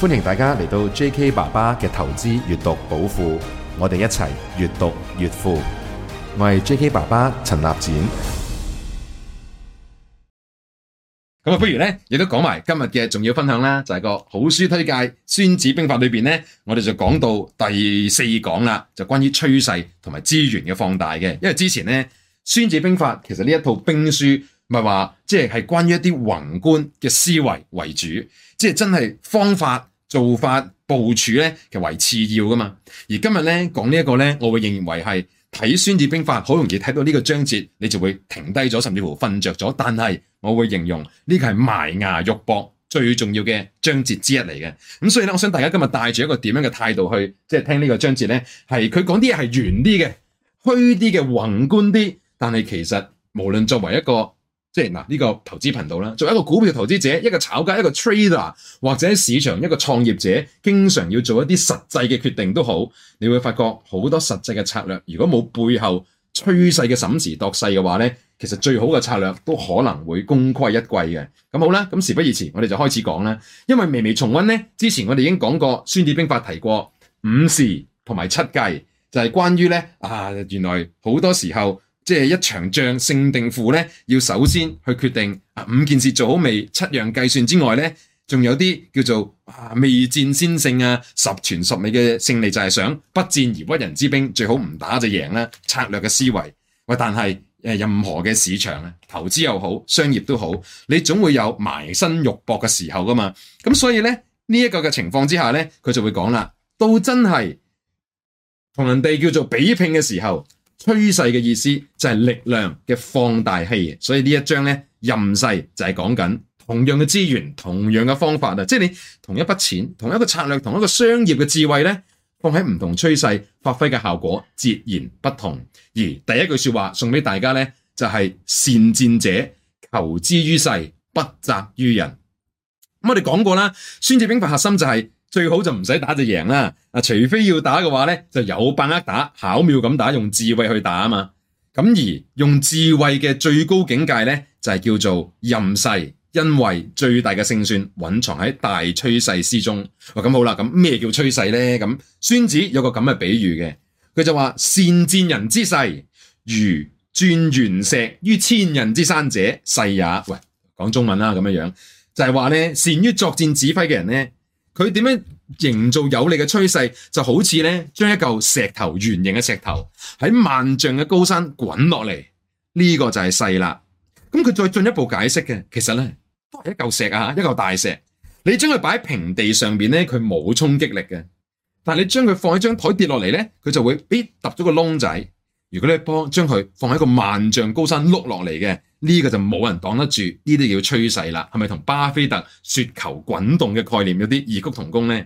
歡迎大家嚟到 J.K. 爸爸嘅投資閱讀寶庫，我哋一齊閱讀越富。我係 J.K. 爸爸陳立展。咁不如呢，亦都講埋今日嘅重要分享啦，就係、是、個好書推介《孫子兵法》裏面呢。呢我哋就講到第四講啦，就關於趨勢同埋資源嘅放大嘅。因為之前呢，《孫子兵法》其實呢一套兵書。咪係話即係係關於一啲宏觀嘅思維為主，即係真係方法做法部署咧，其實為次要噶嘛。而今日咧講這呢一個咧，我會認為係睇孫子兵法好容易睇到呢個章節，你就會停低咗，甚至乎瞓着咗。但係我會形容呢個係埋牙肉搏最重要嘅章節之一嚟嘅。咁所以咧，我想大家今日帶住一個點樣嘅態度去即係、就是、聽呢個章節咧，係佢講啲嘢係圓啲嘅、虛啲嘅、宏觀啲，但係其實無論作為一個即係嗱，呢個投資頻道啦，作為一個股票投資者，一個炒家，一個 trader，或者市場一個創業者，經常要做一啲實際嘅決定都好，你會發覺好多實際嘅策略，如果冇背後趨勢嘅審時度勢嘅話咧，其實最好嘅策略都可能會功虧一簣嘅。咁好啦，咁事不宜遲，我哋就開始講啦。因為微微重溫咧，之前我哋已經講過《孫子兵法》，提過五時同埋七計就係關於咧啊，原來好多時候。即係一場仗勝定負咧，要首先去決定啊五件事做好未，七樣計算之外咧，仲有啲叫做啊未戰先勝啊，十全十美嘅勝利就係想不戰而屈人之兵，最好唔打就贏啦。策略嘅思維喂，但係任何嘅市場，投資又好，商業都好，你總會有埋身肉搏嘅時候噶嘛。咁所以咧呢一個嘅情況之下咧，佢就會講啦，到真係同人哋叫做比拼嘅時候。趨勢嘅意思就係力量嘅放大器，所以呢一章呢，任勢就係講緊同樣嘅資源、同樣嘅方法啊，即係你同一筆錢、同一個策略、同一個商業嘅智慧呢，放喺唔同趨勢發揮嘅效果截然不同。而第一句說話送俾大家呢，就係、是、善戰者求之於勢，不責於人。咁、嗯、我哋講過啦，孫子兵法核心就係、是。最好就唔使打就贏啦。除非要打嘅話呢，就有把握打，巧妙咁打，用智慧去打嘛。咁而用智慧嘅最高境界呢就係叫做任勢，因為最大嘅勝算隱藏喺大趨勢之中。喂，咁好啦，咁咩叫趨勢呢？咁孫子有個咁嘅比喻嘅，佢就話，善戰人之勢，如轉圓石於千人之山者，勢也。喂，講中文啦，咁樣樣就係話呢，善於作戰指揮嘅人呢。佢點樣營造有利嘅趨勢，就好似咧將一嚿石頭、圓形嘅石頭喺萬丈嘅高山滾落嚟，呢、呢個就係勢啦。咁佢再進一步解釋嘅，其實呢，都係一嚿石啊，一嚿大石。你將佢擺喺平地上面，呢佢冇衝擊力嘅。但你將佢放喺張枱跌落嚟，呢佢就會啲揼咗個窿仔。如果呢幫將佢放喺一個萬丈高山碌落嚟嘅，呢個就冇人擋得住呢啲、這個、叫趨勢啦，係咪同巴菲特雪球滾動嘅概念有啲異曲同工呢？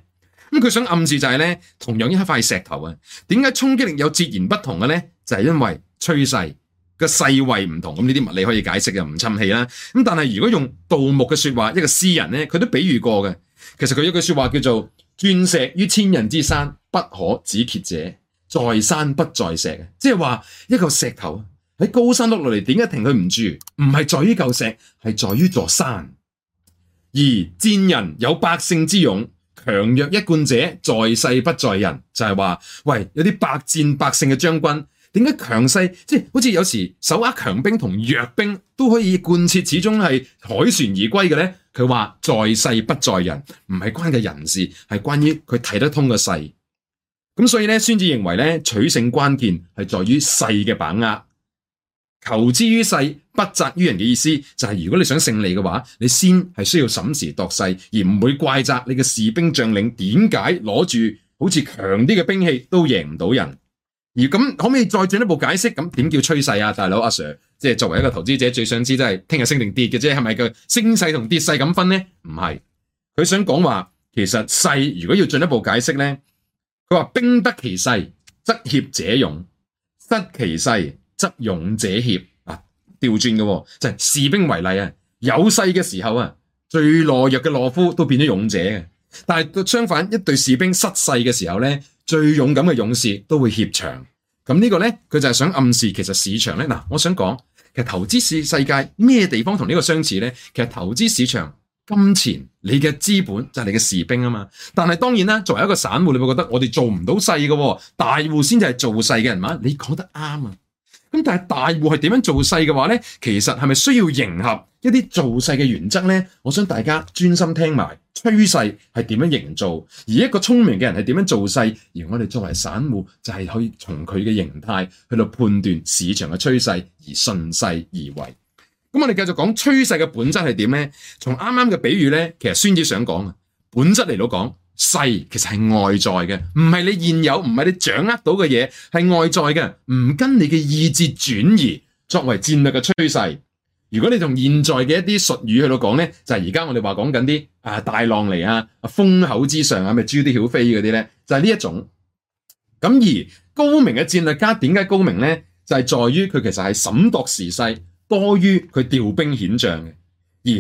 咁佢想暗示就係呢：同樣一塊石頭啊，點解衝擊力有截然不同嘅呢？就係、是、因為趨勢嘅勢位唔同，咁呢啲物理可以解釋嘅，唔侵氣啦。咁但係如果用杜牧嘅說話，一個詩人呢，佢都比喻過嘅。其實佢有句說話叫做：鑽石於千仞之山，不可止竭者。在山不在石，即係話一個石頭喺高山碌落嚟，點解停佢唔住？唔係在於嚿石，係在於座山。而戰人有百勝之勇，強弱一貫者，在勢不在人。就係、是、話，喂，有啲百戰百勝嘅將軍，點解強勢？即、就、係、是、好似有時手握強兵同弱兵都可以貫徹，始終係凱旋而歸嘅咧？佢話在勢不在人，唔係關嘅人事，係關於佢睇得通嘅勢。咁所以呢，孫子認為呢，取勝關鍵係在於勢嘅把握，求之於勢，不責於人嘅意思就係、是，如果你想勝利嘅話，你先係需要審時度勢，而唔會怪責你嘅士兵將領拿點解攞住好似強啲嘅兵器都贏唔到人。而咁可唔可以再進一步解釋？咁點叫趨勢啊，大佬阿、啊、Sir？即係作為一個投資者最想知道就，即係聽日升定跌嘅啫，係咪叫升勢同跌勢咁分呢？唔係，佢想講話，其實勢如果要進一步解釋呢。佢話兵得其勢則怯者勇，失其勢則勇者怯啊，調轉喎，就係士兵為例啊，有勢嘅時候啊，最懦弱嘅懦夫都變咗勇者，但係相反，一隊士兵失勢嘅時候，最勇敢嘅勇士都會怯場。咁呢個呢，佢就係想暗示其實市場呢。嗱，我想講其實投資世界咩地方同呢個相似呢？其實投資市場。金錢，你嘅資本就係你嘅士兵啊嘛！但係當然啦，作為一個散戶，你會覺得我哋做唔到勢嘅，大戶先就係做勢嘅人嘛。你講得啱啊！咁但係大戶係點樣做勢嘅話呢？其實係咪需要迎合一啲做勢嘅原則呢？我想大家專心聽埋趨勢係點樣營造，而一個聰明嘅人係點樣做勢，而我哋作為散戶就係可以從佢嘅形態去到判斷市場嘅趨勢，而順勢而為。咁我哋繼續講趨勢嘅本質係點咧？從啱啱嘅比喻咧，其實孫子想講啊，本質嚟到講勢，其實係外在嘅，唔係你現有，唔係你掌握到嘅嘢，係外在嘅，唔跟你嘅意志轉移作為戰略嘅趨勢。如果你同現在嘅一啲術語去到講咧，就係而家我哋話講緊啲啊大浪嚟啊，風口之上啊，咪「豬啲曉飛」嗰啲咧，就係呢一種。咁而高明嘅戰略家點解高明咧？就係在於佢其實係審度時勢。多於佢調兵遣將嘅，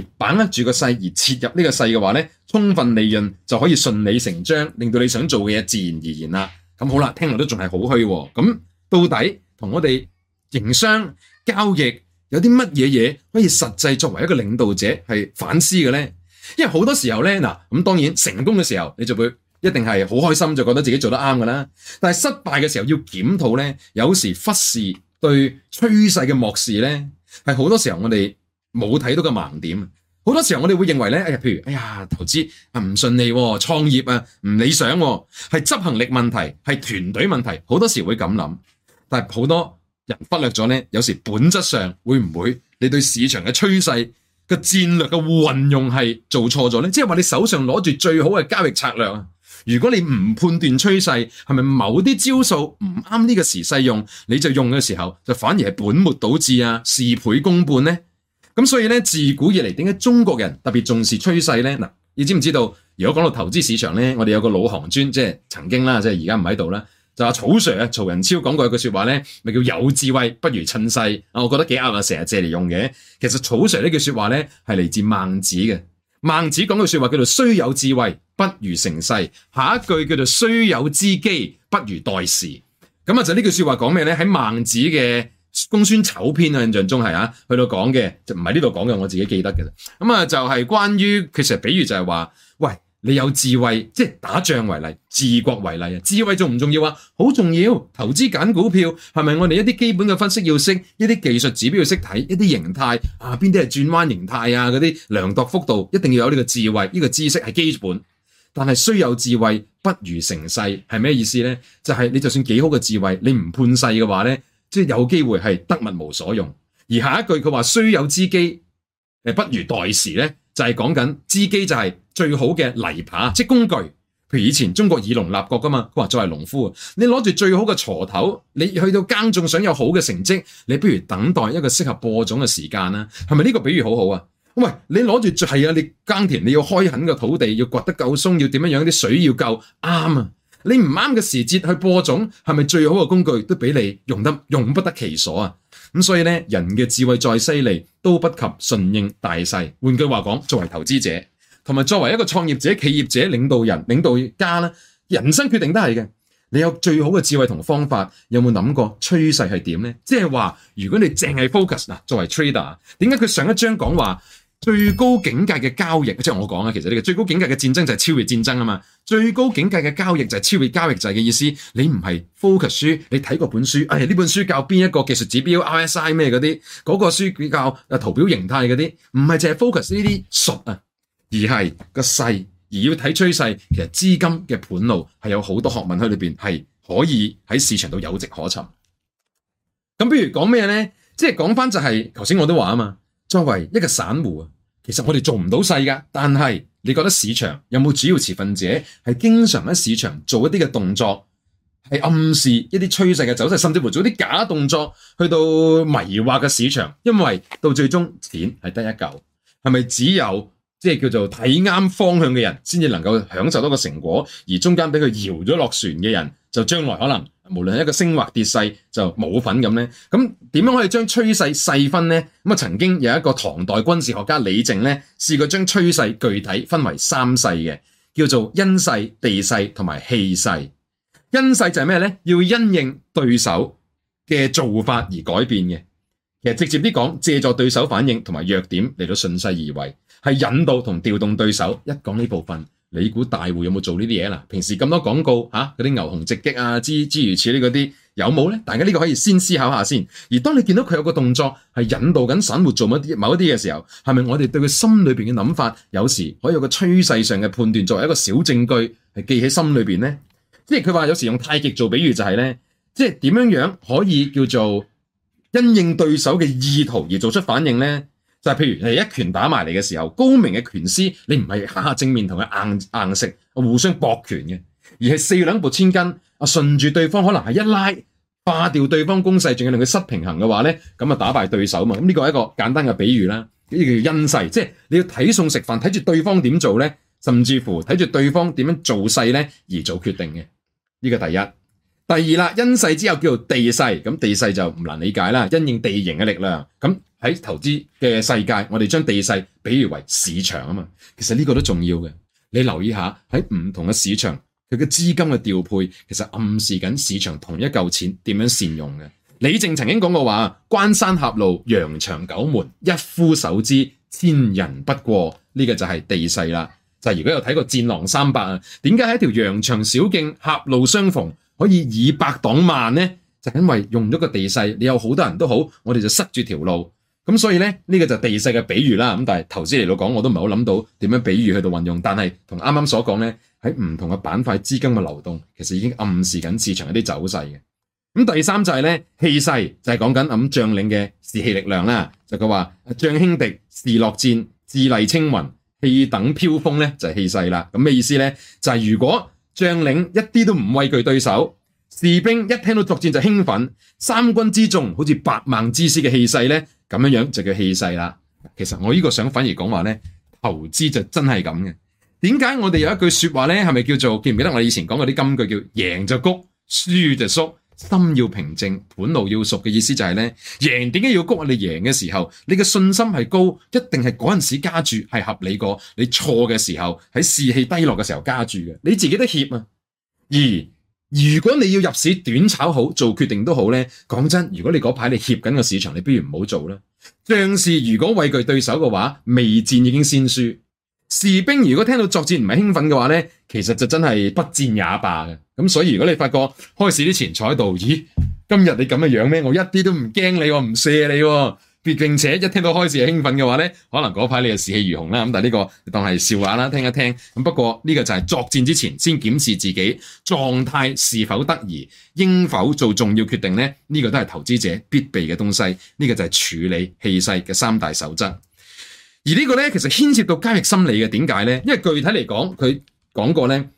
而把握住個勢，而切入呢個勢嘅話呢，充分利潤就可以順理成章，令到你想做嘅嘢自然而然啦。咁好啦，聽落都仲係好虛喎、哦。咁到底同我哋營商交易有啲乜嘢嘢可以實際作為一個領導者係反思嘅呢？因為好多時候呢，嗱，咁當然成功嘅時候你就會一定係好開心，就覺得自己做得啱㗎啦。但係失敗嘅時候要檢討呢，有時忽視對趨勢嘅漠視呢。係好多時候我哋冇睇到嘅盲點，好多時候我哋會認為呢，哎呀，譬如哎呀，投資啊唔順利，創業啊唔理想，係執行力問題，係團隊問題，好多時候會咁諗，但係好多人忽略咗呢。有時本質上會唔會你對市場嘅趨勢、個戰略嘅運用係做錯咗呢？即係話你手上攞住最好嘅交易策略，如果你唔判斷趨勢，係咪某啲招數唔啱呢個時勢用，你就用嘅時候就反而係本末倒置呀、啊，事倍功半呢。咁所以呢，自古以嚟點解中國人特別重視趨勢呢？你知唔知道？如果講到投資市場呢，我哋有個老行專，即係曾經啦，即係而家唔喺度啦，就話曹 sir，曹仁超講過一句説話呢，咪叫有智慧不如趁勢，我覺得幾啱啊，成日借嚟用嘅。其實曹 sir 呢句説話呢，係嚟自孟子嘅。孟子講句說話叫做雖有智慧，不如成世。下一句叫做雖有知機，不如待時。咁啊就呢句說話講咩咧？喺孟子嘅公孫丑篇嘅印象中係啊，去到講嘅就唔係呢度講嘅，我自己記得嘅。咁啊就係關於其實，比如就係話，喂。你有智慧，即係打仗為例，治國為例，智慧重唔重要啊？好重要。投資揀股票係咪？是不是我哋一啲基本嘅分析要識，一啲技術指標要識睇，一啲形態啊，邊啲係轉彎形態啊，嗰啲量度幅度一定要有呢個智慧，呢、這個知識係基本。但係雖有智慧，不如成勢」係咩意思呢？就係、是、你就算幾好嘅智慧，你唔判勢嘅話呢，即係有機會係得物無所用。而下一句佢話雖有知機，誒不如待時咧，就係講緊知機就係、是。最好嘅泥耙，即工具。譬如以前中國以農立國噶嘛，佢話作為農夫，你攞住最好嘅鋤頭，你去到耕種想有好嘅成績，你不如等待一個適合播種嘅時間。係咪呢個比喻好好啊？喂，你攞住係啊，你耕田你要開墾嘅土地，要掘得夠鬆，要點樣樣啲水要夠啱啊。你唔啱嘅時節去播種，係咪最好嘅工具都俾你用得用不得其所啊？噉所以呢，人嘅智慧再犀利，都不及順應大勢。換句話講，作為投資者。同埋作為一個創業者、企業者、領導人、領導家咧，人生決定都係嘅。你有最好嘅智慧同方法，有冇諗過趨勢係點咧？即係話，如果你淨係 focus 啊，作為 trader，點解佢上一章講話最高境界嘅交易？即係我講啊，其實呢個最高境界嘅戰爭就係超越戰爭啊嘛。最高境界嘅交易就係超越交易就係嘅意思。你唔係 focus 書，你睇過本書，哎呀呢本書教邊一個技術指標 RSI 咩嗰啲，嗰個書比較啊圖表形態嗰啲，唔係淨係 focus 呢啲術啊。而係個勢，而要睇趨勢，其實資金嘅盤路係有好多學問喺裏面，係可以喺市場度有跡可尋。咁，比如講咩呢？即係講返就係頭先我都話啊嘛，作為一個散戶啊，其實我哋做唔到勢㗎。但係，你覺得市場有冇主要持份者係經常喺市場做一啲嘅動作，係暗示一啲趨勢嘅走勢，甚至乎做啲假動作去到迷惑嘅市場？因為到最終錢係得一嚿，係咪只有一？是不是只有即係叫做睇啱方向嘅人，先至能夠享受到個成果。而中間俾佢搖咗落船嘅人，就將來可能無論一個升或跌勢就冇份咁咧。咁點樣可以將趨勢細分呢？咁啊，曾經有一個唐代軍事學家李靖咧，試過將趨勢具體分為三勢嘅，叫做因勢、地勢同埋氣勢。因勢就係咩咧？要因應對手嘅做法而改變嘅。其實直接啲講，借助對手反應同埋弱點嚟到順勢而為。係引導同調動對手，一講呢部分，你估大戶有冇做呢啲嘢啦？平時咁多廣告，啊嗰啲牛熊直擊啊之，之如此呢嗰啲，有冇呢？大家呢個可以先思考一下先。而當你見到佢有個動作，係引導緊散戶做某啲一啲嘅時候，係咪我哋對佢心裏面嘅諗法，有時可以有個趨勢上嘅判斷，作為一個小證據，係記喺心裏面呢？即係佢話有時用太極做比喻就係、是、呢，即係點樣樣可以叫做因應對手嘅意圖而做出反應呢？就係譬如你一拳打埋嚟嘅時候，高明嘅拳師，你唔係下下正面同佢硬硬食，互相搏拳嘅，而係四兩撥千斤，啊順住對方可能係一拉，化掉對方攻勢，仲要令佢失平衡嘅話呢，咁啊打敗對手嘛。咁呢個係一個簡單嘅比喻啦。呢叫因勢，即係你要睇餸食飯，睇住對方點做呢，甚至乎睇住對方點樣做勢呢，而做決定嘅。呢、這個第一，第二啦，因勢之後叫做地勢，咁地勢就唔難理解啦，因應地形嘅力量咁。喺投資嘅世界，我哋將地勢比喻為市場啊嘛，其實呢個都重要嘅。你留意一下喺唔同嘅市場，佢嘅資金嘅調配，其實暗示緊市場同一嚿錢點樣善用嘅。李靖曾經講過話：關山狹路，羊腸九門，一夫守之，千人不過。呢、這個就係地勢啦。就如果有睇過戰狼三百啊，點解喺條羊腸小徑狹路相逢可以以百擋萬呢？就因為用咗個地勢，你有好多人都好，我哋就塞住條路。咁所以呢，呢、這個就是地勢嘅比喻啦。咁但係投資嚟到講，我都唔係好諗到點樣比喻去到運用。但係，同啱啱所講呢，喺唔同嘅板塊資金嘅流動，其實已經暗示緊市場一啲走勢嘅。咁、嗯、第三就係呢，氣勢就係、是、講緊咁將領嘅士氣力量啦。就佢話，將輕敵士樂戰，志勵青雲，氣等飄風呢，就係、是、氣勢啦。咁嘅意思呢，就係、是、如果將領一啲都唔畏懼對手，士兵一聽到作戰就興奮，三軍之眾好似百萬之師嘅氣勢咧。咁樣就叫氣勢啦。其實我呢個想反而講話呢，投資就真係咁嘅。點解我哋有一句說話呢，係咪叫做記唔記得我哋以前講過啲金句叫？叫贏就谷，輸就縮，心要平靜，本路要熟嘅意思就係呢：贏點解要谷？你贏嘅時候，你嘅信心係高，一定係嗰陣時候加注係合理過你錯嘅時候，喺士氣低落嘅時候加注嘅，你自己都怯啊二。如果你要入市短炒好做決定都好呢。講真，如果你嗰排你怯緊個市場，你不如唔好做啦。將士如果畏懼對手嘅話，未戰已經先輸。士兵如果聽到作戰唔係興奮嘅話呢，其實就真係不戰也罷嘅。咁所以如果你發覺開市之前坐喺度，咦，今日你咁嘅樣咩？我一啲都唔驚你，我唔射你。並且一聽到開始係興奮嘅話咧，可能嗰排你就士氣如虹啦。咁但係呢個當係笑話啦，聽一聽。咁不過呢、這個就係作戰之前先檢視自己狀態是否得宜，應否做重要決定咧？呢、這個都係投資者必備嘅東西。呢、這個就係處理氣勢嘅三大守則。而這個呢個咧，其實牽涉到交易心理嘅。點解咧？因為具體嚟講，佢講過咧，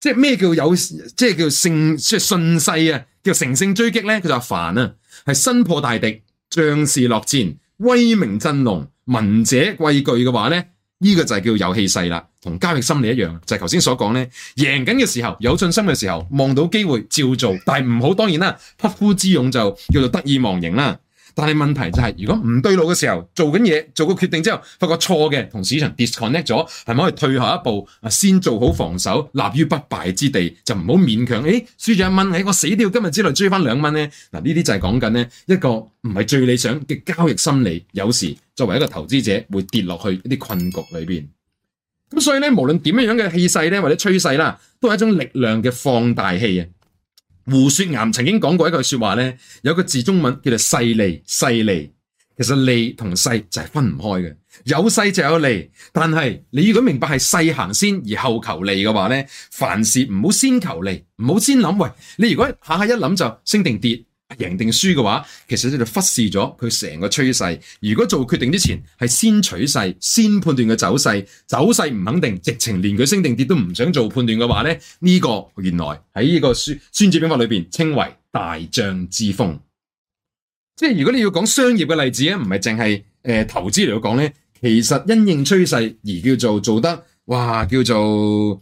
即係咩叫有，即係叫勝，即係順勢啊，叫乘勝追擊咧。佢就話凡啊，係身破大敵。將士樂戰，威名震龍，聞者畏懼嘅話呢，呢個就係叫做有氣勢啦，同交易心理一樣，就係頭先所講咧，贏緊嘅時候有信心嘅時候，望到機會照做，但係唔好，當然啦，匹夫之勇就叫做得意忘形啦但係問題就係，如果唔對路嘅時候做緊嘢，做個決定之後發覺錯嘅，同市場 disconnect 咗，係咪可以退後一步啊？先做好防守，立於不敗之地，就唔好勉強。咦、欸，輸咗一蚊，誒我死都要，今日之內追翻兩蚊咧。嗱，呢啲就係講緊咧一個唔係最理想嘅交易心理。有時作為一個投資者會跌落去一啲困局裏面。咁所以咧，無論點樣樣嘅氣勢咧，或者趨勢啦，都係一種力量嘅放大器啊！胡雪岩曾經講過一句說話呢，有一個字中文叫做勢利勢利，其實利同勢就係分唔開嘅，有勢就有利，但係你如果明白係勢行先，而後求利嘅話呢，凡事唔好先求利，唔好先諗喂，你如果下下一諗就升定跌。贏定輸嘅話，其實就忽視咗佢成個趨勢。如果做決定之前係先取勢，先判斷嘅走勢，走勢唔肯定，直情連佢升定跌都唔想做判斷嘅話咧，呢個原來喺呢個《孫孫子兵法》裏邊稱為大將之風。即係如果你要講商業嘅例子咧，唔係淨係誒投資嚟講咧，其實因應趨勢而叫做做得哇，叫做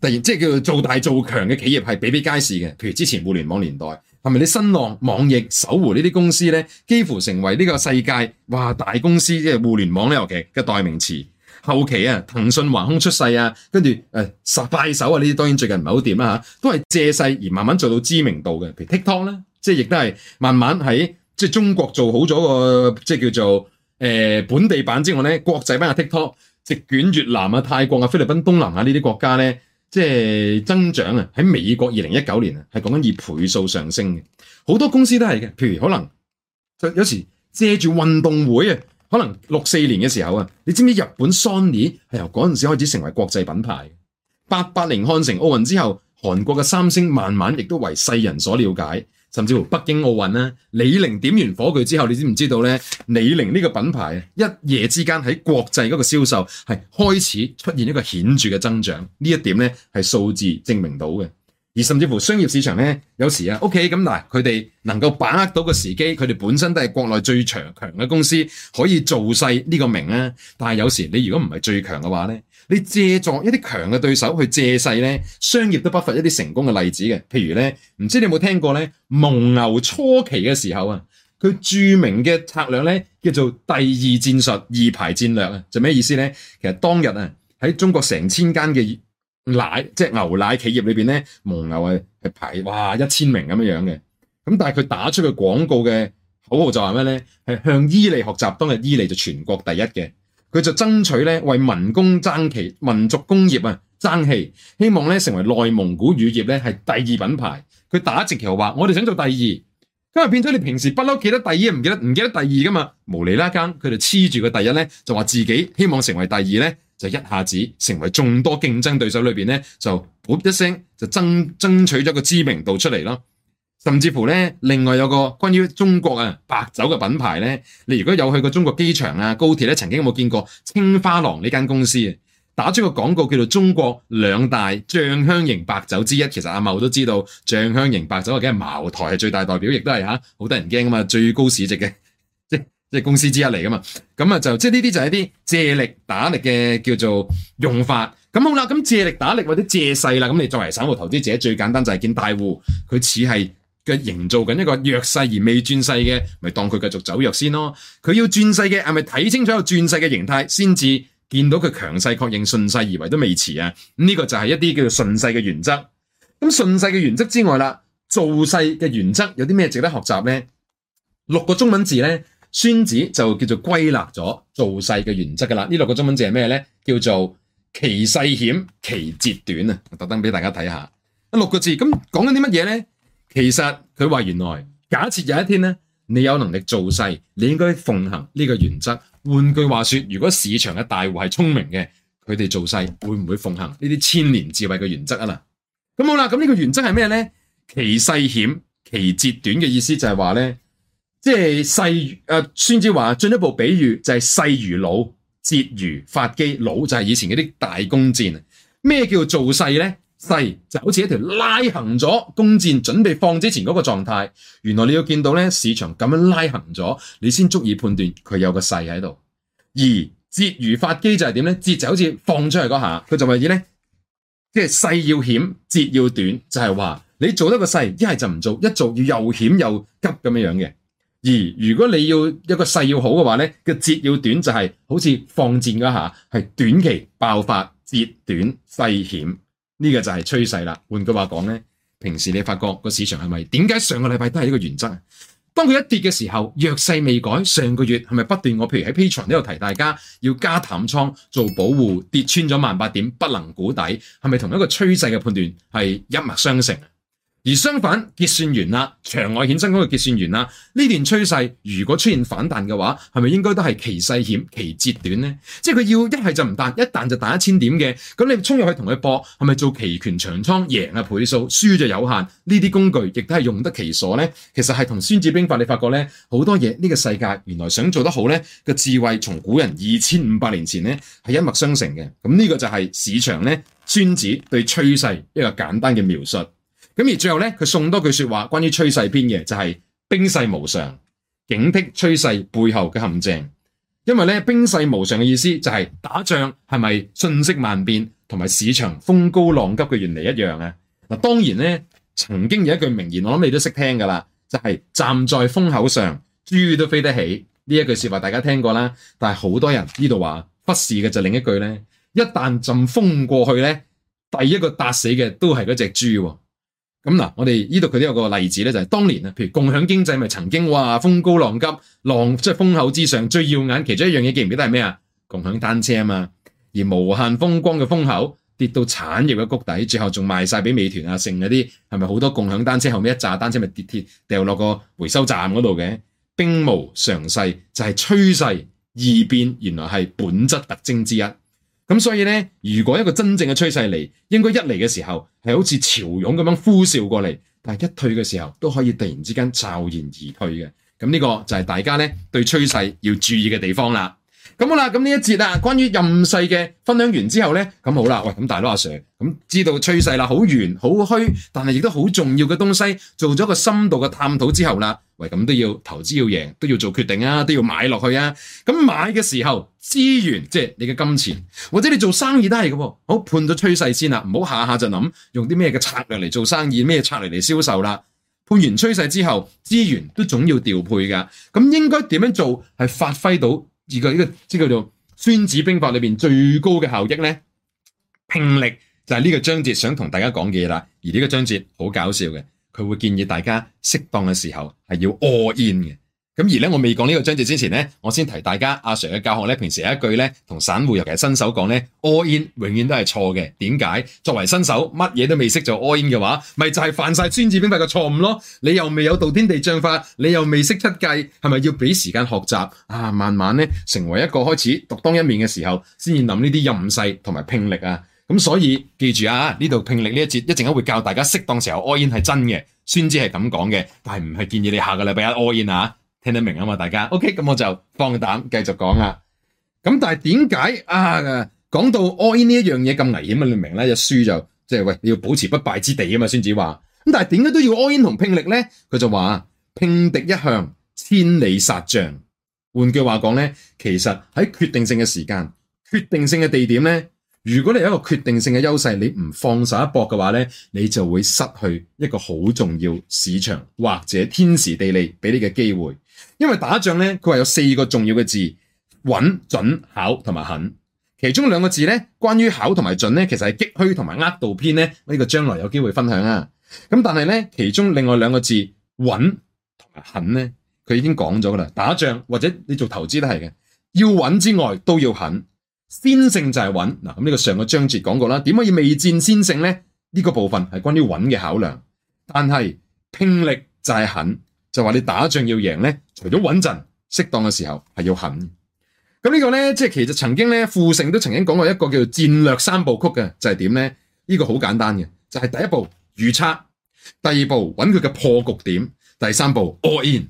突然即係叫做做大做強嘅企業係比比皆是嘅。譬如之前互聯網年代。係咪啲新浪、網易、搜狐呢啲公司咧，幾乎成為呢個世界哇大公司即係互聯網呢個期嘅代名詞？後期啊，騰訊橫空出世啊，跟住誒殺快手啊，呢啲、啊、當然最近唔係好掂啦，都係借勢而慢慢做到知名度嘅。譬如 TikTok 咧、啊，即係亦都係慢慢喺即係中國做好咗個即係叫做誒、呃、本地版之外咧，國際版嘅 TikTok 直捲越南啊、泰國啊、菲律賓、東南亞呢啲國家咧。即係增長啊！喺美國二零一九年啊，係講緊以倍數上升嘅，好多公司都係嘅。譬如可能就有時借住運動會啊，可能六四年嘅時候啊，你知唔知道日本 Sony 係由嗰陣時開始成為國際品牌？八八年漢城奧運之後，韓國嘅三星慢慢亦都為世人所了解。甚至乎北京奧運呢，李寧點完火炬之後，你知唔知道呢？李寧呢個品牌一夜之間喺國際嗰個銷售係開始出現一個顯著嘅增長，呢一點呢係數字證明到嘅。而甚至乎商業市場呢，有時啊，OK 咁，嗱，佢哋能夠把握到個時機，佢哋本身都係國內最強強嘅公司，可以造勢呢個名啊。但係有時你如果唔係最強嘅話呢。你借助一啲強嘅對手去借勢咧，商業都不乏一啲成功嘅例子嘅。譬如咧，唔知你有冇聽過咧？蒙牛初期嘅時候啊，佢著名嘅策略咧叫做第二戰術、二排戰略啊，就咩意思咧？其實當日啊，喺中國成千間嘅奶即係、就是、牛奶企業裏邊咧，蒙牛係係排哇一千名咁樣樣嘅。咁但係佢打出嘅廣告嘅口號就係咩咧？係向伊利學習，當日伊利就全國第一嘅。佢就爭取咧為民工爭氣，民族工業啊爭氣，希望咧成為內蒙古乳業咧係第二品牌。佢打直球話，我哋想做第二，咁啊變咗你平時不嬲記得第二唔記得唔記得第二噶嘛，無厘啦更佢就黐住個第一咧，就話自己希望成為第二咧，就一下子成為眾多競爭對手裏邊咧就噗一聲就爭爭取咗個知名度出嚟咯。甚至乎呢，另外有個關於中國啊白酒嘅品牌呢。你如果有去過中國機場啊、高鐵呢，曾經有冇見過青花郎呢間公司啊？打出個廣告叫做中國兩大醬香型白酒之一。其實阿茂都知道醬香型白酒嘅，既係茅台係最大代表，亦都係嚇好得人驚噶嘛，最高市值嘅即即公司之一嚟㗎嘛。咁啊就即呢啲就係一啲借力打力嘅叫做用法。咁好啦，咁借力打力或者借勢啦，咁你作為散戶投資者，最簡單就係見大戶佢似係。佢營造緊一個弱勢而未轉勢嘅，咪當佢繼續走弱先咯。佢要轉勢嘅，係咪睇清楚有轉勢嘅形態先至見到佢強勢確認順勢而為都未遲啊？呢、嗯呢個就係一啲叫做順勢嘅原則。咁順勢嘅原則之外啦，做勢嘅原則有啲咩值得學習咧？六個中文字咧，孫子就叫做歸納咗做勢嘅原則㗎啦。呢六個中文字係咩咧？叫做其勢險，其節短啊！特登俾大家睇下，六個字咁講緊啲乜嘢咧？其實佢話，原來假設有一天呢，你有能力做勢，你應該奉行呢個原則。換句話說，如果市場嘅大戶係聰明嘅，佢哋做勢會唔會奉行呢啲千年智慧嘅原則啊？嗱，咁好啦，咁呢個原則係咩呢？其勢險，其節短嘅意思就係話呢，即係勢誒，孫子話，進一步比喻就係勢如弩，節如發機。弩就係以前嗰啲大弓箭啊。咩叫做做勢呢勢就好似一條拉行咗弓箭準備放之前嗰個狀態，原來你要見到咧市場咁樣拉行咗，你先足以判斷佢有個勢喺度。而節如發機就係點咧？節就好似放出嚟嗰下，佢就係以咧，即係勢要險，節要短，就係話你做得個勢一係就唔做，一做要又險又急咁樣樣嘅。而如果你要一個勢要好嘅話咧，個節要短就係好似放箭嗰下，係短期爆發，節短勢險。這個就是趨勢啦。換句話講咧，平時你發覺個市場是咪點解上個禮拜都是一個原則？當它一跌的時候，弱勢未改。上個月是不是不斷我？譬如喺 Patreon 都有提，大家要加淡倉做保護。跌穿了萬八點，不能估底，是不是同一個趨勢的判斷是一脈相承？而相反，結算完啦，場外衍生工具結算完啦。呢段趨勢如果出現反彈嘅話，係咪應該都係其勢險其節短呢？即係佢要一係就唔彈，一彈就彈一千點嘅咁。你衝入去同佢搏係咪做期權長倉贏啊？倍數輸就有限呢啲工具，亦都係用得其所呢，其實係同《孫子兵法》你發覺呢好多嘢呢個世界原來想做得好呢個智慧，從古人二千五百年前呢係一脈相承嘅。咁呢個就係市場呢，孫子對趨勢一個簡單嘅描述。咁而最後呢，佢送多句説話，關於趨勢篇嘅，就係兵勢無常，警惕趨勢背後嘅陷阱。因為呢，兵勢無常嘅意思就係打仗係咪瞬息萬變，同埋市場風高浪急嘅原理一樣啊！當然呢，曾經有一句名言，我諗你都識聽㗎啦，就係站在風口上，豬都飛得起呢一句説話，大家聽過啦。但係好多人呢度話忽視嘅，就是另一句呢：「一旦陣風過去呢，第一個打死嘅都係嗰隻豬喎。咁、嗯、嗱，我哋呢度佢都有個例子呢，就係、是、當年譬如共享經濟咪曾經話風高浪急，浪即係風口之上最耀眼，其中一樣嘢記唔記得係咩呀？「共享單車」啊嘛，而無限風光嘅風口跌到產業嘅谷底，最後仲賣晒俾美團啊、盛嗰啲，係咪好多共享單車後屘一紮單車咪跌跌掉落個回收站嗰度嘅？兵無常、就是、勢，就係趨勢易變，原來係本質特徵之一。咁所以呢，如果一個真正嘅趨勢嚟，應該一嚟嘅時候係好似潮湧咁樣呼嘯過嚟，但一退嘅時候都可以突然之間驟然而退嘅。咁呢個就係大家呢對趨勢要注意嘅地方啦。咁好啦，咁呢一節啊，關於任勢嘅分享完之後咧，咁好啦，喂，咁大佬阿 Sir，咁知道趨勢啦，好圓好虛，但係亦都好重要嘅東西，做咗個深度嘅探討之後啦，喂，咁都要投資要贏，都要做決定啊，都要買落去啊，咁買嘅時候資源即係、就是、你嘅金錢，或者你做生意都係喎。好，判咗趨勢先啦，唔好下下就諗用啲咩嘅策略嚟做生意，咩策略嚟銷售啦，判完趨勢之後，資源都總要調配噶，咁應該點樣做係發揮到？而、這、呢個、這個這個、叫做《孫子兵法》裏面最高嘅效益呢，拼力就係呢個章節想同大家講嘅嘢啦。而呢個章節好搞笑嘅，佢會建議大家適當嘅時候係要 all in 嘅。咁而咧，我未講呢個章節之前咧，我先提大家阿 Sir 嘅教學咧，平時有一句咧，同散戶尤其新手講咧，all in 永遠都係錯嘅。點解？作為新手，乜嘢都未識做 all in 嘅話，咪就係、是、犯晒孫子兵法嘅錯誤咯。你又未有道天地將法，你又未識七計，係咪要俾時間學習啊？慢慢咧成為一個開始獨當一面嘅時候，先至諗呢啲任勢同埋拼力啊。咁所以記住啊，呢度拼力呢一節一陣間會教大家適當時候 all in 係真嘅，孫子係咁講嘅，但係唔係建議你下個禮拜一 all in 啊。聽得明啊嘛，大家 OK，咁我就放膽繼續講啦。咁、嗯、但係點解啊？講到 all in 呢一樣嘢咁危險啊？你明唔明咧，一輸就即係、就是、喂，你要保持不敗之地啊嘛。孫子話咁，但係點解都要 all in 同拼力咧？佢就話啊，并敵一向千里殺將。換句話講咧，其實喺決定性嘅時間、決定性嘅地點咧，如果你有一個決定性嘅優勢，你唔放手一搏嘅話咧，你就會失去一個好重要市場或者天時地利俾你嘅機會。因為打仗咧，佢話有四個重要嘅字：穩、準、考同埋狠。其中兩個字咧，關於考同埋準咧，其實係激虛同埋呃度篇咧。呢個將來有機會分享啊。咁但係咧，其中另外兩個字穩同埋狠咧，佢已經講咗噶啦。打仗或者你做投資都係嘅，要穩之外都要狠。先勝就係穩嗱，咁呢個上個章節講過啦。點可以未戰先勝咧？呢個部分係關於穩嘅考量，但係拼力就係狠。就話你打仗要贏咧，除咗穩陣，適當嘅時候係要狠。咁呢個咧，即係其實曾經咧，傅盛都曾經講過一個叫做戰略三部曲嘅，就係點咧？呢、這個好簡單嘅，就係、是、第一步預測，第二步揾佢嘅破局點，第三步 all in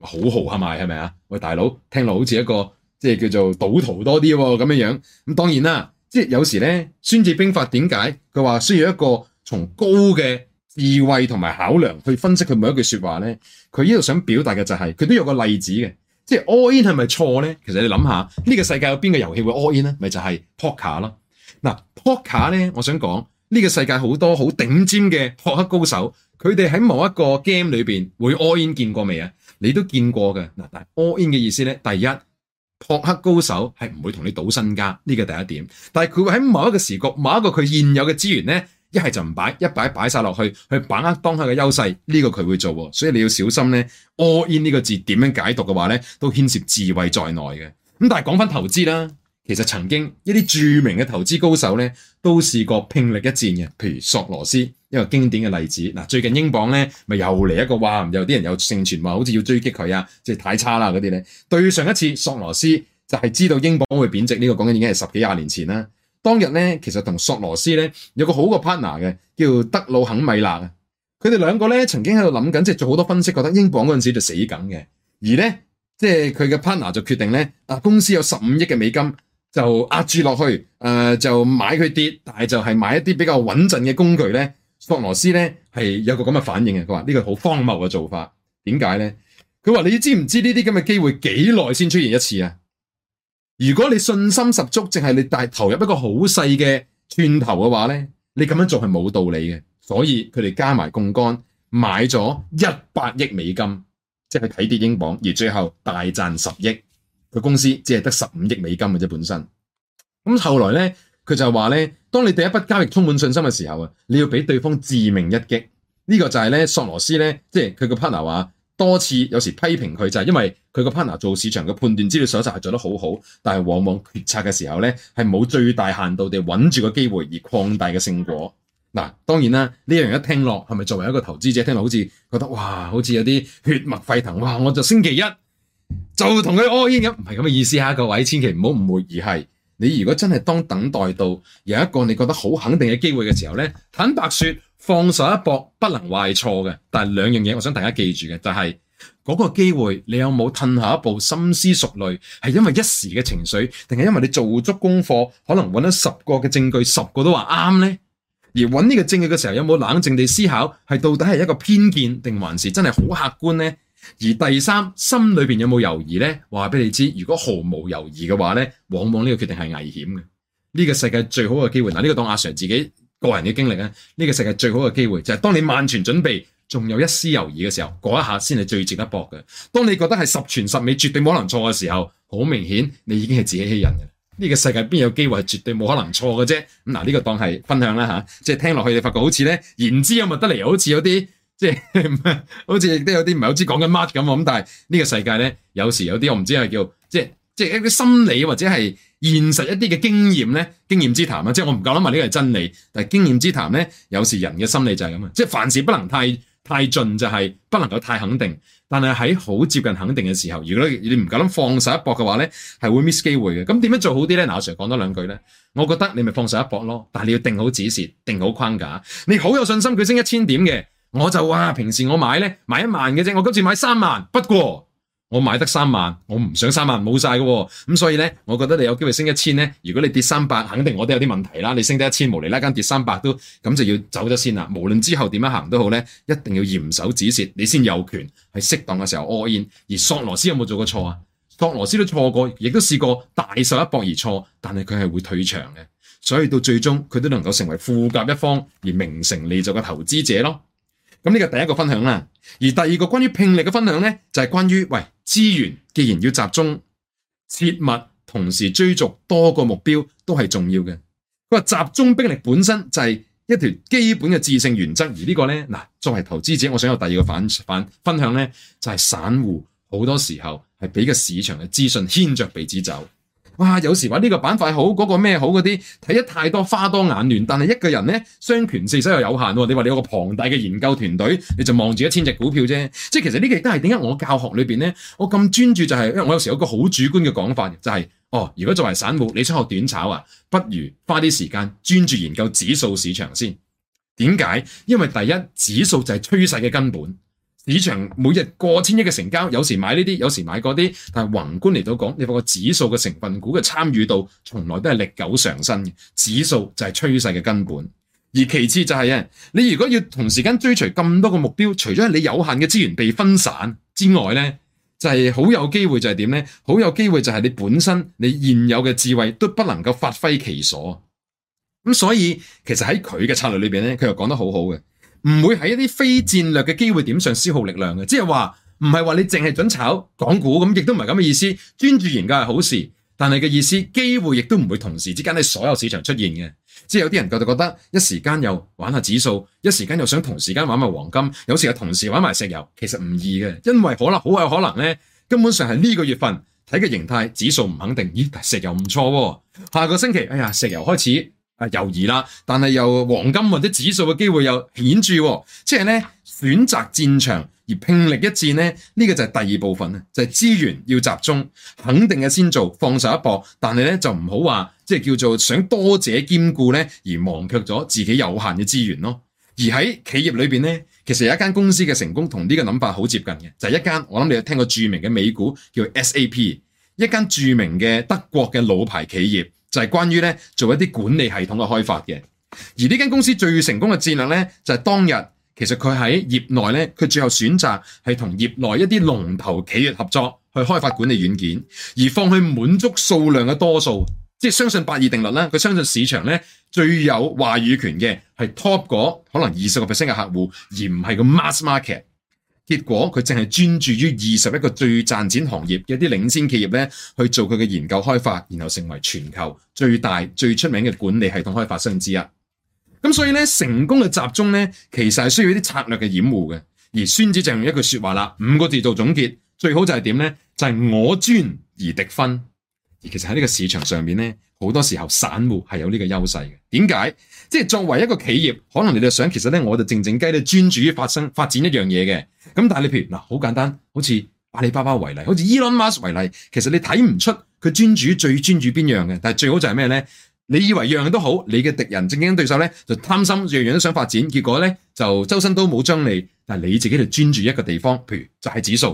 好。好豪下嘛，係咪啊？喂，大佬，聽落好似一個即係、就是、叫做賭徒多啲咁樣樣。咁當然啦，即係有時咧，孫子兵法點解佢話需要一個從高嘅智慧同埋考量去分析佢每一句說話咧，佢呢度想表達嘅就係、是、佢都有個例子嘅，即係 all in 係咪錯咧？其實你諗下，呢、這個世界有邊個遊戲會 all in 咧？咪就係 poker 咯。嗱，poker 咧，我想講呢、這個世界好多好頂尖嘅撲克高手，佢哋喺某一個 game 裏邊會 all in，見過未啊？你都見過嘅。嗱，all in 嘅意思咧，第一，撲克高手係唔會同你賭身家，呢個第一點，但係佢會喺某一個時局、某一個佢現有嘅資源咧。一係就唔擺，一擺擺晒落去，去把握當下嘅優勢，呢個佢會做喎，所以你要小心咧。all in 呢個字點樣解讀嘅話咧，都牽涉智慧在內嘅。咁但係講翻投資啦，其實曾經一啲著名嘅投資高手咧，都試過拼力一戰嘅，譬如索羅斯，一個經典嘅例子。嗱，最近英鎊咧，咪又嚟一個哇，又有啲人又盛傳話好似要追擊佢啊，即係太差啦嗰啲咧。對上一次索羅斯就係知道英鎊會貶值呢個講緊已經係十幾廿年前啦。當日咧，其實同索羅斯咧有個好個 partner 嘅，叫德魯肯米勒啊。佢哋兩個咧曾經喺度諗緊，即係做好多分析，覺得英鎊嗰陣時就死緊嘅。而咧，即係佢嘅 partner 就決定咧，啊公司有十五億嘅美金就壓住落去，誒、呃、就買佢跌，但係就係買一啲比較穩陣嘅工具咧。索羅斯咧係有個咁嘅反應嘅，佢話呢個好荒謬嘅做法。點解咧？佢話你知唔知呢啲咁嘅機會幾耐先出現一次啊？如果你信心十足，淨係你大投入一個好細嘅串頭嘅話咧，你咁樣做係冇道理嘅。所以佢哋加埋槓桿買咗一百億美金，即係睇跌英鎊，而最後大賺十億。佢公司只係得十五億美金嘅啫本身。咁後來咧，佢就話咧，當你第一筆交易充滿信心嘅時候啊，你要俾對方致命一擊。呢、呢個就係咧索羅斯咧，即係佢個 partner 話。多次有時批評佢就係因為佢個 partner 做市場嘅判斷，資料搜集係做得好好，但係往往決策嘅時候呢，係冇最大限度地揾住個機會而擴大嘅勝果。嗱，當然啦，呢樣一聽落係咪作為一個投資者聽落好似覺得哇，好似有啲血脈沸騰哇？我就星期一就同佢 all in 咁，唔係咁嘅意思嚇，各位千祈唔好誤會，而係你如果真係當等待到有一個你覺得好肯定嘅機會嘅時候呢，坦白說。放手一搏不能壞錯嘅，但係兩樣嘢，我想大家記住嘅就係嗰個機會，你有冇褪下一步深思熟慮？係因為一時嘅情緒，定係因為你做足功課，可能揾咗十個嘅證據，十個都話啱呢？而揾呢個證據嘅時候，有冇冷靜地思考係到底係一個偏見，定還是真係好客觀呢？而第三，心裏面有冇猶疑呢？話俾你知，如果毫無猶疑嘅話呢往往呢個決定係危險嘅。呢個世界最好嘅機會嗱，呢個當阿 Sir 自己。個人嘅經歷咧，呢、這個世界最好嘅機會就係當你萬全準備，仲有一絲猶豫嘅時候，嗰一下先係最值得搏嘅。當你覺得係十全十美，絕對冇可能錯嘅時候，好明顯你已經係自己欺人嘅。呢、這個世界邊有機會係絕對冇可能錯嘅啫？咁、啊、嗱，呢、這個當係分享啦吓，即、啊、係、就是、聽落去你發覺好似咧言之有物得嚟，又好似有啲即係，好似亦都有啲唔係好知講緊乜咁，咁但係呢個世界咧，有時有啲我唔知係叫即係即係一啲心理或者係。現實一啲嘅經驗咧，經驗之談啊，即係我唔夠諗話呢個係真理，但係經驗之談咧，有時人嘅心理就係咁啊，即係凡事不能太太盡、就係，就係不能夠太肯定。但係喺好接近肯定嘅時候，如果你唔夠膽放手一搏嘅話咧，係會 miss 機會嘅。咁點樣做好啲咧？嗱，阿 Sir 講多兩句咧，我覺得你咪放手一搏咯，但係你要定好指示，定好框架。你好有信心佢升一千點嘅，我就話平時我買咧買一萬嘅啫，我今次買三萬，不過。我買得三萬，我唔想三萬冇晒嘅喎，咁、哦、所以呢，我覺得你有機會升一千呢。如果你跌三百，肯定我都有啲問題啦。你升得一千，無離拉更跌三百都咁就要走咗先啦。無論之後點樣行都好呢，一定要嚴守止蝕，你先有權係適當嘅時候 all in。而索羅斯有冇做過錯啊？索羅斯都錯過，亦都試過大受一搏而錯，但係佢係會退場嘅，所以到最終佢都能夠成為富甲一方而名成利就嘅投資者咯。咁呢個第一個分享啦。而第二個關於兵力嘅分享呢，就係、是、關於喂。資源既然要集中，切勿同時追逐多個目標都是重要嘅。佢話，集中兵力本身就是一條基本嘅智性原則，而呢個呢，作為投資者，我想有第二個反反分享呢，就是散戶好多時候是俾個市場嘅資訊牽着鼻子走。哇！有時話呢個板塊好，嗰個咩好，嗰啲睇得太多，花多眼亂，但係一個人呢，雙拳四手又有限喎。你話你有個龐大嘅研究團隊，你就望住一千隻股票啫。即係其實呢個亦都係點解我教學裏邊呢，我咁專注就係，因為我有時有個好主觀嘅講法，就係，哦。如果作為散戶你想學短炒啊，不如花啲時間專注研究指數市場先。點解？因為第一指數就係趨勢嘅根本。市場每日過千億嘅成交，有時買呢啲，有時買嗰啲，但係宏觀嚟到講，你話個指數嘅成分股嘅參與度，從來都係歷久常新。指數就係趨勢嘅根本，而其次就係你如果要同時間追隨咁多個目標，除咗你有限嘅資源被分散之外呢就係、係、好有機會就係點呢？好有機會就係你本身你現有嘅智慧都不能夠發揮其所。咁所以其實喺佢嘅策略裏面，呢佢又講得很好好嘅。唔會喺一啲非戰略嘅機會點上消耗力量嘅，即係話唔係話你淨係准炒港股咁，亦都唔係咁嘅意思。專注研究係好事，但係嘅意思機會亦都唔會同時之間喺所有市場出現嘅。即係有啲人覺得覺得一時間又玩下指數，一時間又想同時間玩埋黃金，有時又同時玩埋石油，其實唔易嘅，因為可能好有可能咧，根本上係呢個月份睇嘅形態，指數唔肯定，咦，石油唔錯喎、哦，下個星期，哎呀，石油開始。啊猶疑啦，但係又黃金或者指數嘅機會又顯著，啊，即係咧選擇戰場而拼力一戰咧，呢、這個就係第二部分咧，就係、是、資源要集中，肯定係先做，放手一搏，但係咧就唔好話即係叫做想多者兼顧咧而忘卻咗自己有限嘅資源咯。而喺企業裏面咧，其實有一間公司嘅成功同呢個諗法好接近嘅，就係、是、一間我諗你有聽過著名嘅美股叫 SAP，一間著名嘅德國嘅老牌企業。就係關於咧做一啲管理系統嘅開發嘅，而呢間公司最成功嘅戰略咧，就係當日其實佢喺業內咧，佢最後選擇係同業內一啲龍頭企業合作去開發管理軟件，而放棄滿足數量嘅多數，即係相信八二定律啦。佢相信市場咧最有話語權嘅係 top 嗰可能二十個 percent 嘅客戶，而唔係個 mass market。結果佢淨係專注於二十一個最賺錢行業嘅啲領先企業去做佢嘅研究開發，然後成為全球最大最出名嘅管理系統開發商之一。咁所以呢成功嘅集中呢，其實係需要啲策略嘅掩護嘅。而孫子就用一句說話啦，五個字做總結，最好就係點呢？就係我專而敵分。其實喺呢個市場上面呢，好多時候散戶係有呢個優勢嘅。點解？即係作為一個企業，可能你就想其實呢，我就靜靜雞地專注於發生發展一樣嘢嘅。咁但係你譬如嗱，好簡單，好似阿里巴巴為例，好似 Elon Musk 為例，其實你睇唔出佢專注於最專注邊樣嘅。但係最好就係咩呢？你以為樣樣都好，你嘅敵人正經對手呢，就貪心樣樣都想發展，結果呢，就周身都冇張利。但你自己就專注一個地方，譬如就係指數，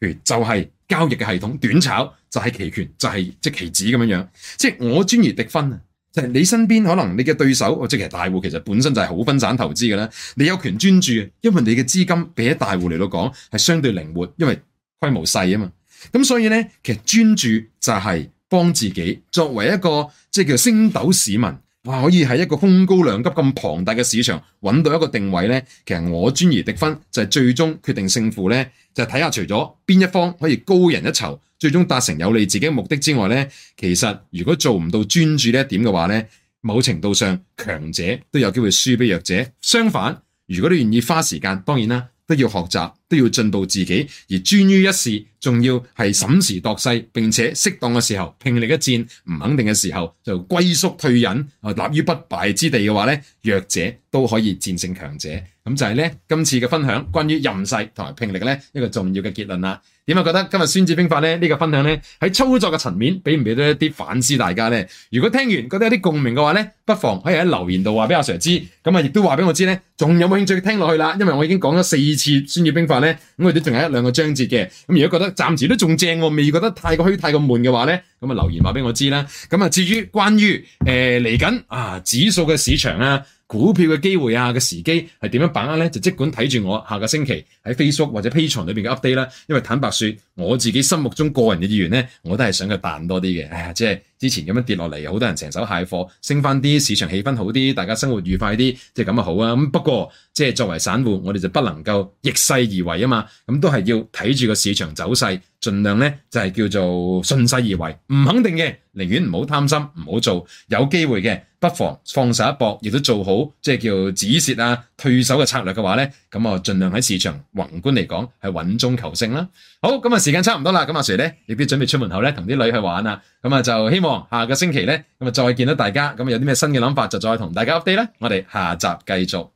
譬如就係、是。交易嘅系統短炒就係期權，就係即期指咁樣樣，即係我專業的分啊，就係你身邊可能你嘅對手，即係大戶，其實本身就係好分散投資嘅啦。你有權專注，因為你嘅資金比起大戶嚟到講係相對靈活，因為規模細啊嘛。咁所以咧，其實專注就係幫自己作為一個即係叫升斗市民。哇！可以喺一個空高兩級咁龐大嘅市場揾到一個定位呢？其實我專而敵分就係、是、最終決定勝負呢，就睇、是、下除咗邊一方可以高人一籌，最終達成有利自己的目的之外呢。其實如果做唔到專注呢一點嘅話呢，某程度上強者都有機會輸畀弱者。相反，如果你都願意花時間，當然啦。都要學習，都要進步自己，而專於一事，仲要係審時度勢，並且適當嘅時候，拼力一戰，唔肯定嘅時候就龜縮退隱，立於不敗之地嘅話呢，弱者都可以戰勝強者。咁就係呢，今次嘅分享關於任勢同埋拼力呢一個重要嘅結論啦。點啊？覺得今日《孫子兵法》咧呢個分享咧喺操作嘅層面俾唔俾到一啲反思大家呢？如果聽完覺得有啲共鳴的話呢，不妨可以喺留言度話俾阿 Sir 知。咁啊，亦都話俾我知咧，仲有冇興趣聽落去啦？因為我已經講咗四次《孫子兵法》咧，咁我哋都仲係一兩個章節嘅。咁如果覺得暫時都仲正，我未覺得太過虛太過悶嘅話呢，咁啊留言話俾我知啦。咁至於關於誒嚟緊啊指數嘅市場啊。股票嘅機會啊，嘅時機係點樣把握呢？就即管睇住我下個星期喺 Facebook 或者 P 區藏裏面嘅 update 啦。因為坦白說，我自己心目中個人嘅意願呢，我都係想佢彈多啲嘅。哎呀，即係之前咁樣跌落嚟，好多人成手蟹貨，升翻啲，市場氣氛好啲，大家生活愉快啲，即係咁啊好啊。咁不過即係作為散戶，我哋就不能夠逆勢而為啊嘛。咁都係要睇住個市場走勢，盡量呢就係叫做順勢而為。唔肯定嘅，寧願唔好貪心，唔好做。有機會嘅，不妨放手一搏。亦都做好即係叫止蝕啊、退守嘅策略嘅話呢。咁啊盡量喺市場宏觀嚟講係穩中求勝啦。好，咁啊。時間差唔多啦，咁阿 Sir 咧，亦都要準備出門口呢，同啲女去玩啊！咁啊，就希望下個星期呢，咁啊再見到大家，咁啊有啲咩新嘅諗法，就再同大家 update 咧，我哋下集繼續。